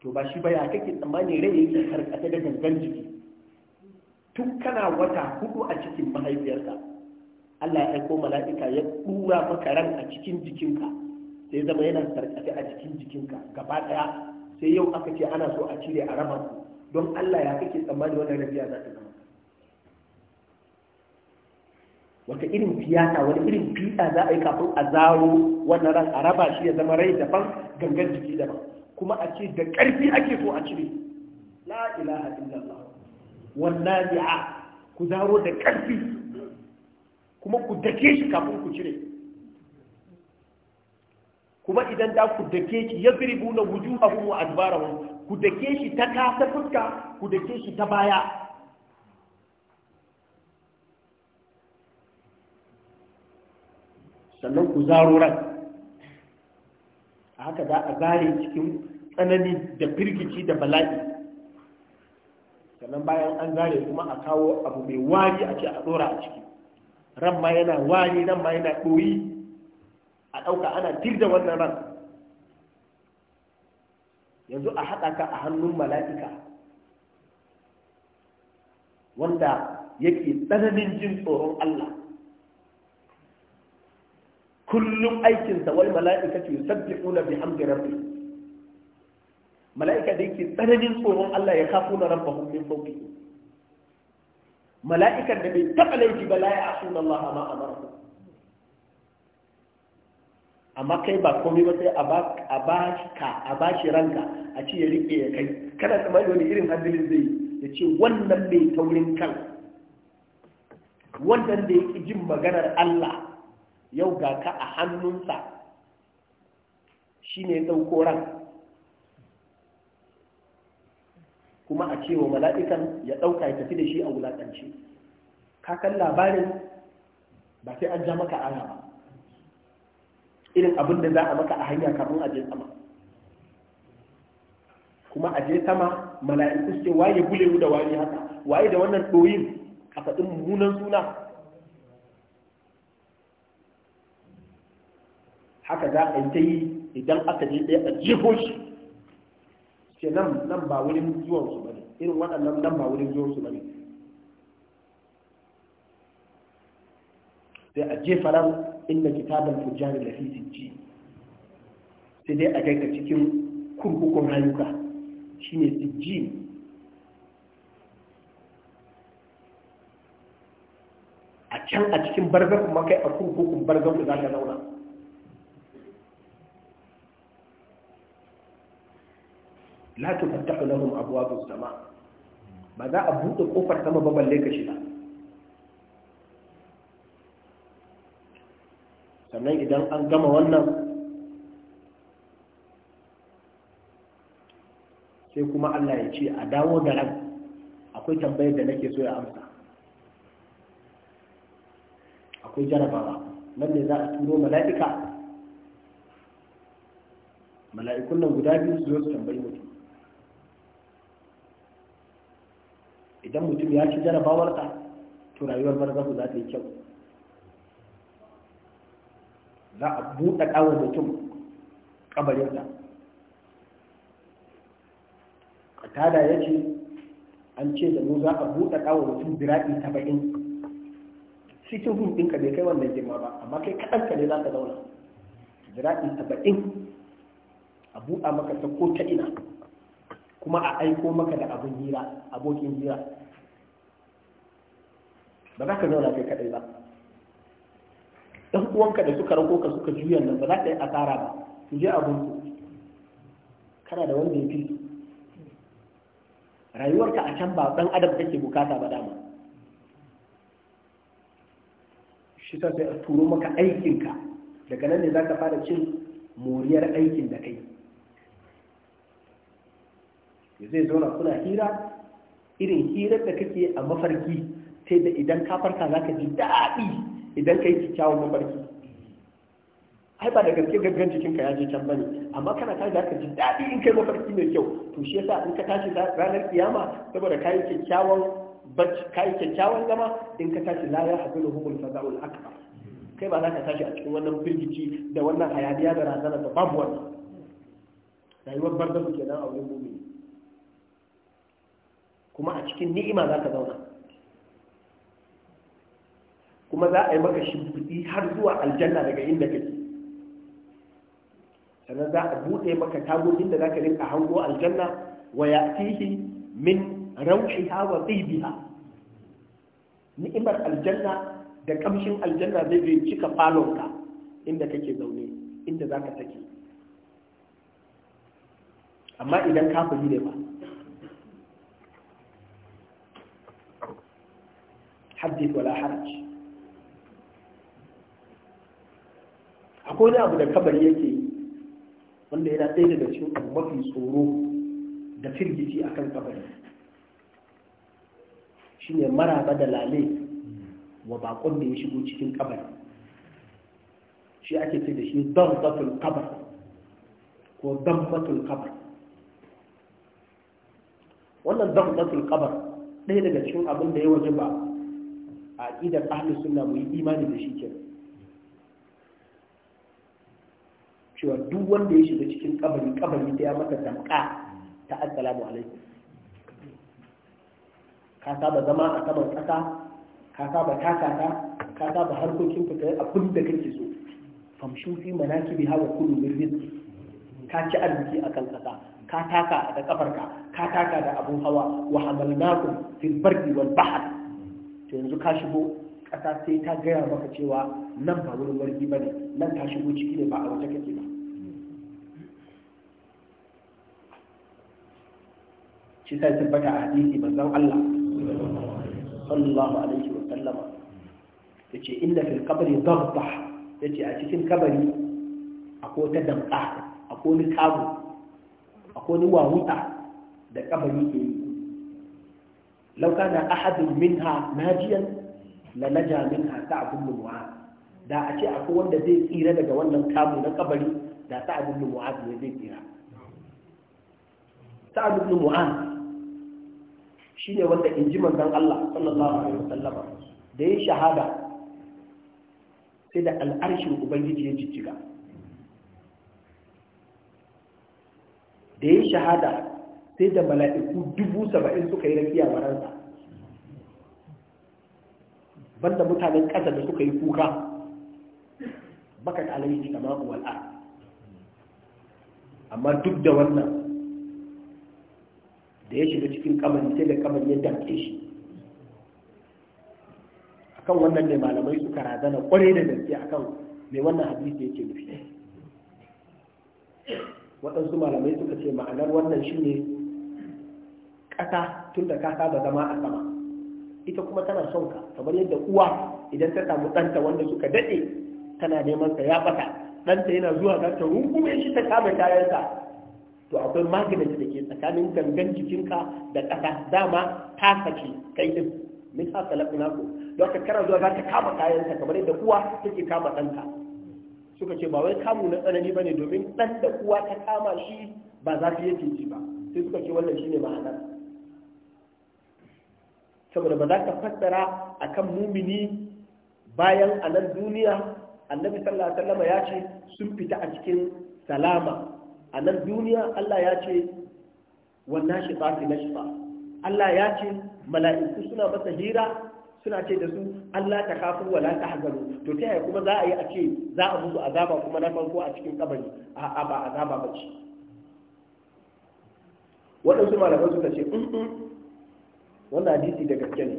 to ba shi ba ya kake tsammani rai yake karkata da gangan jiki tun kana wata hudu a cikin mahaifiyarka Allah ya aiko mala'ika ya ɗura maka ran a cikin jikinka sai zama yana sarkace a cikin jikinka gaba ɗaya sai yau aka ce ana so a cire a raba ku don Allah ya kake tsammani wannan rabiya za ta zama wata irin fiyata wani irin fiɗa za a yi kafin a zaro wannan ran a raba shi ya zama rai daban gangan jiki daban kuma a ce da ƙarfi ake so a cire la ilaha illallah wannan ya ku zaro da ƙarfi kuma ku dake shi kafin ku cire kuma idan da ku dake shi yadribu na kuma wa adbarahum ku dake shi ta kasa fuska ku dake shi ta baya sannan ku zaro ran haka za a zare cikin tsanani da firgici da bala'i sannan bayan an zare kuma a kawo abu mai wari a ce a dora a ciki ran ma yana wari ran ma yana ɗoyi a ɗauka ana tir wannan ran yanzu a haɗa ka a hannun mala'ika wanda yake tsananin jin tsoron Allah kullum aikinsa wal mala'ikatu yusabbihuna bihamdi rabbihim mala'ika da yake tsananin tsoron Allah ya kafu na rabba min fauki mala'ikan da bai taɓa laifi ba la ya asu na Allah ma amara amma kai ba komai ba sai a ba ka a ba shi ranka a ce ya riƙe ya kai kana tsammani wani irin hanzalin zai ya ce wannan mai taurin kan wannan da ya ƙi jin maganar Allah yau ga ka a hannunsa shi ne ɗauko ran kuma a cewa mala'ikan ya ɗauka ya tafi da shi a wulaƙance kakan labarin ba sai an ja maka aya ba irin abin da za a maka a hanya kafin a je sama kuma a je sama mala'iku suke ce waye bulewu da wani haka waye da wannan doyin a faɗin mummunan suna haka za a yi ta yi idan aka je ɗaya a jefo shi ce nan nan ba wurin zuwan su bane irin waɗannan nan ba wurin zuwan su bane sai a jefa nan inna kitabal fujjar fi sinci sai dai a gaika cikin kurkukun rayuka shine sinci a can a cikin bargar kuma kai a kurkukun bargar ku za ka zauna la tufattahu lahum abwabus sama ba za a buɗe kofar sama ba balle ka shiga sannan idan an gama wannan sai kuma Allah ya ce a dawo da ran akwai tambayar da nake so ya amsa akwai jarabawa nan ne za a turo mala'ika mala'ikun nan guda biyu su zo su tambayi mutum idan mutum ya ci ta to rayuwar barzahu za ta yi kyau za a buɗe ɗawar mutum ƙabarinsa tada ya ce an ce da mu za a buɗe ɗawar mutum biraɗi saba'in cikin rum ɗinka bai kai wannan girma ba amma kai kaɗan ka ne za ka zauna biraɗi saba'in a buɗa maka ta ko ta ina kuma a aiko maka da abin hira abokin hira ba za ka zauna kai kaɗai ba ɗan uwanka da suka rago ka suka juya nan ba za ka yi asara ba su je su. kana da wanda ya fi rayuwarka a can ba ɗan adam kake bukata ba dama shi ta sai a turo maka aikinka daga nan ne za ka fara cin moriyar aikin da kai zai zauna kuna hira irin hirar da kake a mafarki sai da idan ka farka za ka ji daɗi idan ka yi kyakkyawan mafarki ai ba da gaske gaggan jikin ka ya je can bane amma kana kai da ka ji daɗi in kai mafarki mai kyau to shi yasa in ka tashi ranar kiyama saboda yi kyakkyawan bacci yi kyakkyawan zama in ka tashi la ya hadu hukul fadaul akbar kai ba za ka tashi a cikin wannan firgici da wannan hayaniya da razana da babu wani rayuwar barzahu kenan a wurin mumini kuma a cikin ni'ima za ka zauna kuma za a yi maka shimfiɗi har zuwa aljanna daga inda kake sannan za a buɗe maka tagogin da za ka rinka hango aljanna wa ya'tihi min rauhiha wa tsibiha ni'imar aljanna da kamshin aljanna zai zai cika falonka inda kake zaune inda za ka sake amma idan kafiri ne ba haddith wala haraj akwai wani abu da kabar yake wanda yana ɗaya daga cikin mafi tsoro da firgici akan kabari shine maraba da lale wa bakon da ya shigo cikin kabari shi ake ce da shi don zafin kabar ko don zafin kabar wannan don zafin kabar ɗaya daga cikin abin da ya waje ba a ƙidar ahalus suna mu imani da shi kenan cewa duk wanda ya shiga cikin kabari kabari ta ya mata damka ta assalamu alaikum ka saba zama a saman kasa ka saba takata ka saba harkokin ka kai abin da kake so famshu fi bi hawa kullu min rizqi ka ci arziki akan kasa ka taka da kafarka ka taka da abun hawa wa hamalnakum fil bardi wal bahr to yanzu ka shigo kasa sai ta gaya maka cewa nan ba wurin wargi bane nan ka shigo ciki ne ba a wata kake ba shi sai tabbata a hadisi manzon Allah sallallahu alaihi wa sallama yace inna fil qabri dhabta yace a cikin kabari akwai ta damka akwai ni kabu akwai ni wahuta da kabari ke yi law kana ahadun minha najiyan la naja minha sa'dun mu'ad da a ce akwai wanda zai tsira daga wannan kamu na kabari da sa'dun mu'ad ne zai tsira sa'dun mu'ad Shi ne wanda in ji manzan Allah sallallahu alaihi wasallam da ya shahada sai da al'arshin ubangiji ya jijjiga da ya shahada sai da mala'iku dubu saba'in suka yi rafiya Ban banda mutanen ƙasa da suka yi kuka baka da alayhi da ma'u amma duk da wannan da ya shiga cikin kamar sai da kamar ya damke shi akan wannan ne malamai suka razana kwarai da gaske akan mai wannan hadisi yake nufi waɗansu malamai suka ce ma'anar wannan shine ƙasa tun da ka saba zama a sama ita kuma tana son ka kamar yadda uwa idan ta samu ɗanta wanda suka daɗe tana neman sa ya ɓata ɗanta yana zuwa zata ta rungume shi ta kama kayansa to akwai maganin da ke tsakanin gangan jikinka da ƙasa dama ta saki kai din sa salafina ko don ka kara zuwa za ta kama ka kamar yadda uwa take kama ɗanka suka ce ba wai kamu na tsanani ba ne domin ɗan da uwa ta kama shi ba za ta yake ba sai suka ce wannan shine ma'anar saboda ba za ka fassara akan mumini bayan a duniya annabi sallallahu alaihi wasallam ya ce sun fita a cikin salama a nan duniya Allah ya ce wannan shi ba na shi Allah ya ce mala'iku suna masa hira suna ce da su Allah ta kafu wa la hazaru to ta yaya kuma za a yi a ce za a musu azaba kuma na farko a cikin kabari a ba azaba ba ce waɗansu malaman suka ce mm, mm, wannan hadisi da gaske ne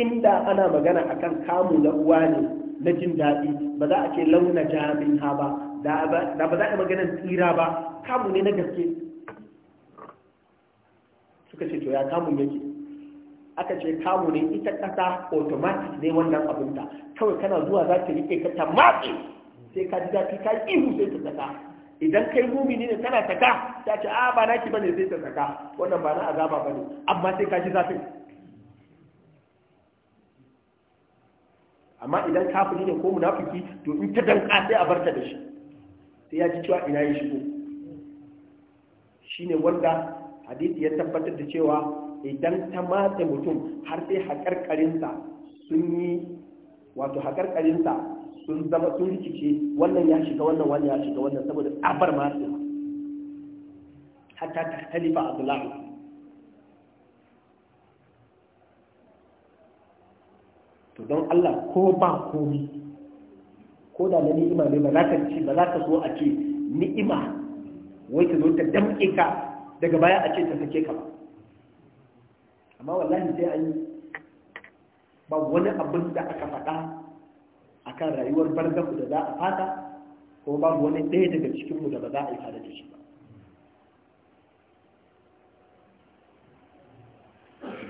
inda ana magana akan kamu na uwa ne na jin daɗi ba za a ce launa jami'a ba da ba za ka maganin tsira ba kamu ne na gaske suka ce to ya kamun yake aka ce kamu ne ita kasa automatic ne wannan abinta kawai kana zuwa za ta rike ka ta matse sai ka ji zafi ka yi ihu sai ta saka idan kai mumini ne tana saka ta ce a ah, ba naki bane sai ta saka wannan ba na azaba bane amma sai ka ji zafin amma idan kafiri ne ko munafiki to in ta danka sai a barta da shi sai ya ci cewa ina ya shigo shine wanda hadisi ya tabbatar da cewa idan ta matse mutum har sai haƙarƙarinsa sun yi wato haƙarƙarinsa sun zama sun rikice wannan ya shiga wannan wani ya shiga wannan saboda tsabar matsewa hatta ta halifa a zulamu to don Allah ko ba komi ko da na ni'ima ne ba za ka ci ba za ka so a ce ni'ima wai ta zo ta damƙe ka daga baya a ce ta sake ka ba amma wallahi sai an yi ba wani abin da aka faɗa a kan rayuwar barzaku da za a fata ko ba wani ɗaya daga cikinmu da ba za a yi fada da shi ba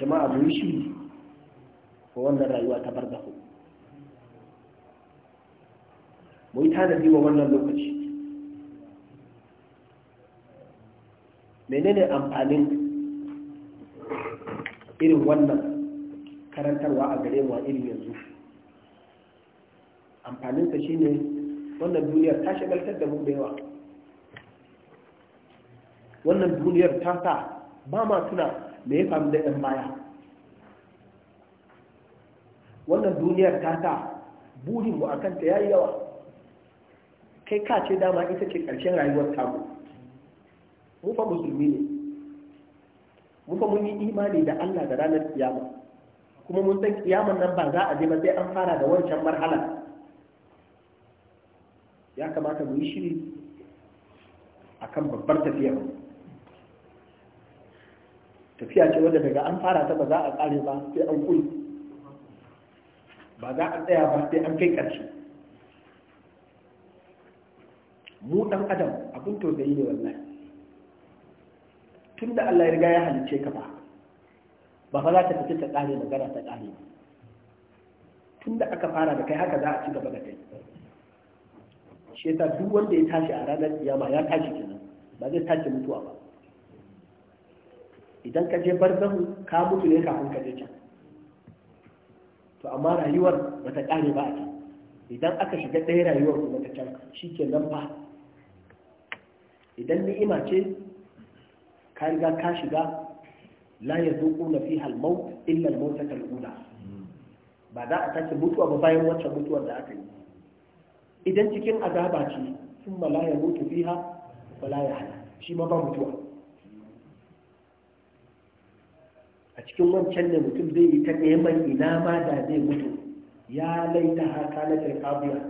jama'a mu yi shi ko wannan rayuwa ta barzaku mu yi tanadi wa wannan lokaci menene amfanin irin wannan karantarwa a gare mu a irin yanzu amfaninsa shine wannan duniyar ta shagaltar da mu da yawa wannan duniyar ta sa ba ma tuna me ya faru da baya wannan duniyar ta sa burinmu a kanta ya yi yawa kai ka ce dama ita ce ƙarshen rayuwar tamu mu fa musulmi ne mu fa mun yi imani da Allah da ranar kiyama kuma mun san kiyaman nan ba za a je ba sai an fara da wancan marhala ya kamata mu yi shiri akan babbar tafiya. tafiya ce wadda daga an fara ta ba za a tsare ba sai an kuli ba za a tsaya ba sai an kai ƙarshe mu dan adam abin tausayi ne wallahi tun da Allah ya riga ya halice ka ba ba fa za ta fita ta kare magana ta kare tun da aka fara da kai haka za a ci gaba da kai shi yasa duk wanda ya tashi a ranar kiyama ya tashi kenan ba zai tashi mutuwa ba idan ka je barzahu ka mutu ne kafin ka je can to amma rayuwar ba ta kare ba a can idan aka shiga ɗaya rayuwar kuma ta can shi ke nan ba idan ni'ima ce ka riga ka shiga la yazuquna fiha fi halmau illa al-maut al ba za a sake mutuwa ba bayan waccan mutuwar da aka yi idan cikin azaba ce sun ba la yamutu fiha ba la hana shi ma ba mutuwa a cikin wancan ne mutum zai yi ta neman ina ma da zai mutu ya laita haka na tarkabiya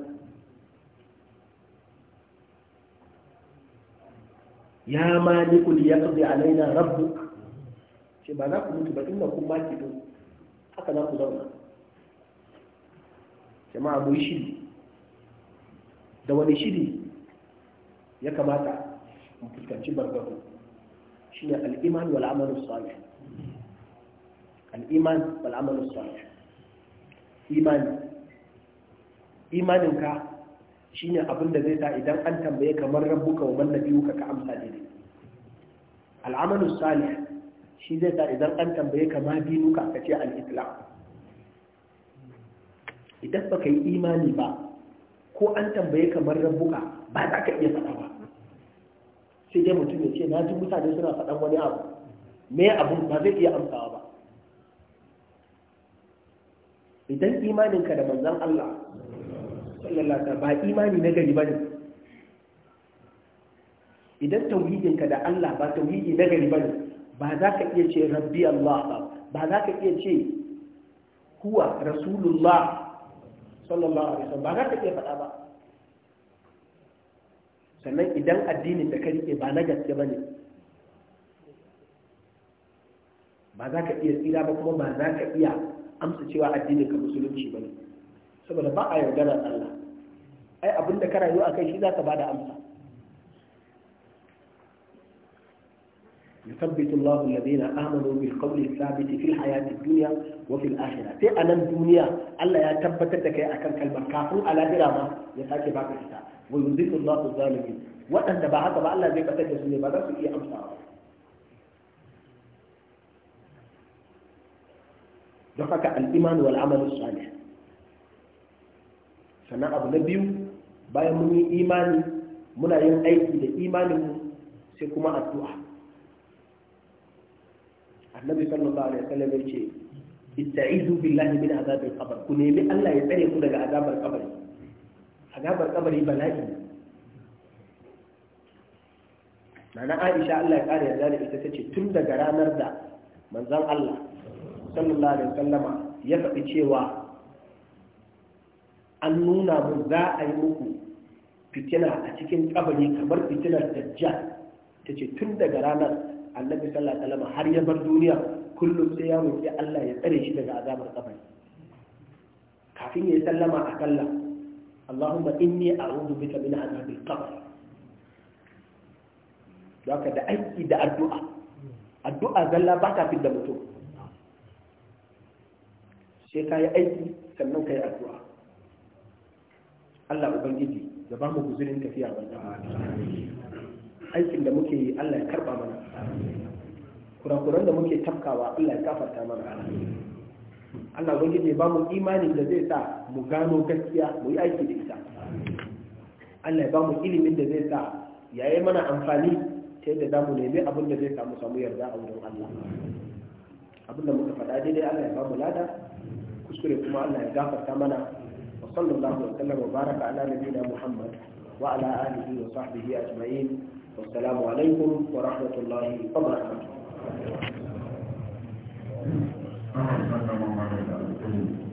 ya ya li yaqdi alaina rabu ce ba za ku mutu ba inda kun maki don haka za ku zauna jama'a mu yi shiri da wani shiri ya kamata mu fuskanci bargaro shi al-iman wal amal salih al-iman wal amal salih imani imaninka shine abin da zai sa idan an tambaye kamar rabbuka wa biyu ka amsa da ni? al'amalu salih shi zai sa idan an tambaye ka ma dinuka ka ce al-islam idan baka yi imani ba ko an tambaye kamar rabbuka ba za ka iya faɗa ba sai dai mutum ya ce na ji mutane suna faɗan wani abu me abu ba zai iya amsawa ba idan imaninka da manzon Allah illallah ba imani na gari bane idan tauhidin ka da Allah ba tauhidi na gari bane ba za ka iya ce rabbi Allah ba ba za ka iya ce huwa rasulullah sallallahu alaihi wasallam ba za ka iya faɗa ba sannan idan addinin da ka rike ba na gaske bane ba za ka iya tsira ba kuma ba za ka iya amsa cewa addinin ka musulunci bane saboda ba a yaudara Allah ai abin da ka rayu a kai shi za ka ba da amsa يثبت الله الذين امنوا بالقول الثابت في الحياه الدنيا وفي الاخره sai a nan duniya Allah ya tabbatar da kai akan kalmar kafin a lahira ma ya sake baka ita wa yudhiku Allahu zalimin waɗanda ba haka ba Allah zai fatar da su ne ba za su iya amsawa don haka al-iman wal amal salih sannan abu na biyu bayan mun yi imani muna yin aiki da imaninmu sai kuma addu'a annabi sallallahu alaihi wasallam ya ce ista'izu billahi min azabil qabr ku nemi Allah ya tsare ku daga azabar kabari azabar kabari bala'i nana Aisha Allah ya kare yarda da ita tace tun daga ranar da manzon Allah sallallahu alaihi wasallama ya faɗi cewa an nuna mu za a yi muku fitina a cikin kabari kamar fitinar dajjal ta ce tun daga ranar annabi sallallahu alaihi wasallam har ya bar duniya kullum sai ya roƙi Allah ya tsare shi daga azabar kabari kafin ya sallama a kalla Allahumma inni a'udhu bika min azabil qabr haka da aiki da addu'a addu'a zalla ba ta da mutum sai ka yi aiki sannan ka yi addu'a Allah ubangiji ya ba mu guzurin tafiya wannan aikin da muke yi Allah ya karba mana kurakuran da muke tafkawa Allah ya kafarta mana Allah ubangiji ya ba mu imanin da zai sa mu gano gaskiya mu yi aiki da ita Allah ya ba mu ilimin da zai sa ya yi mana amfani ta yadda za mu nemi abin da zai samu samu yarda a wurin Allah abin da muka faɗa daidai Allah ya ba mu lada kuskure kuma Allah ya gafarta mana وصلى الله وسلم وبارك على نبينا محمد وعلى آله وصحبه أجمعين والسلام عليكم ورحمة الله وبركاته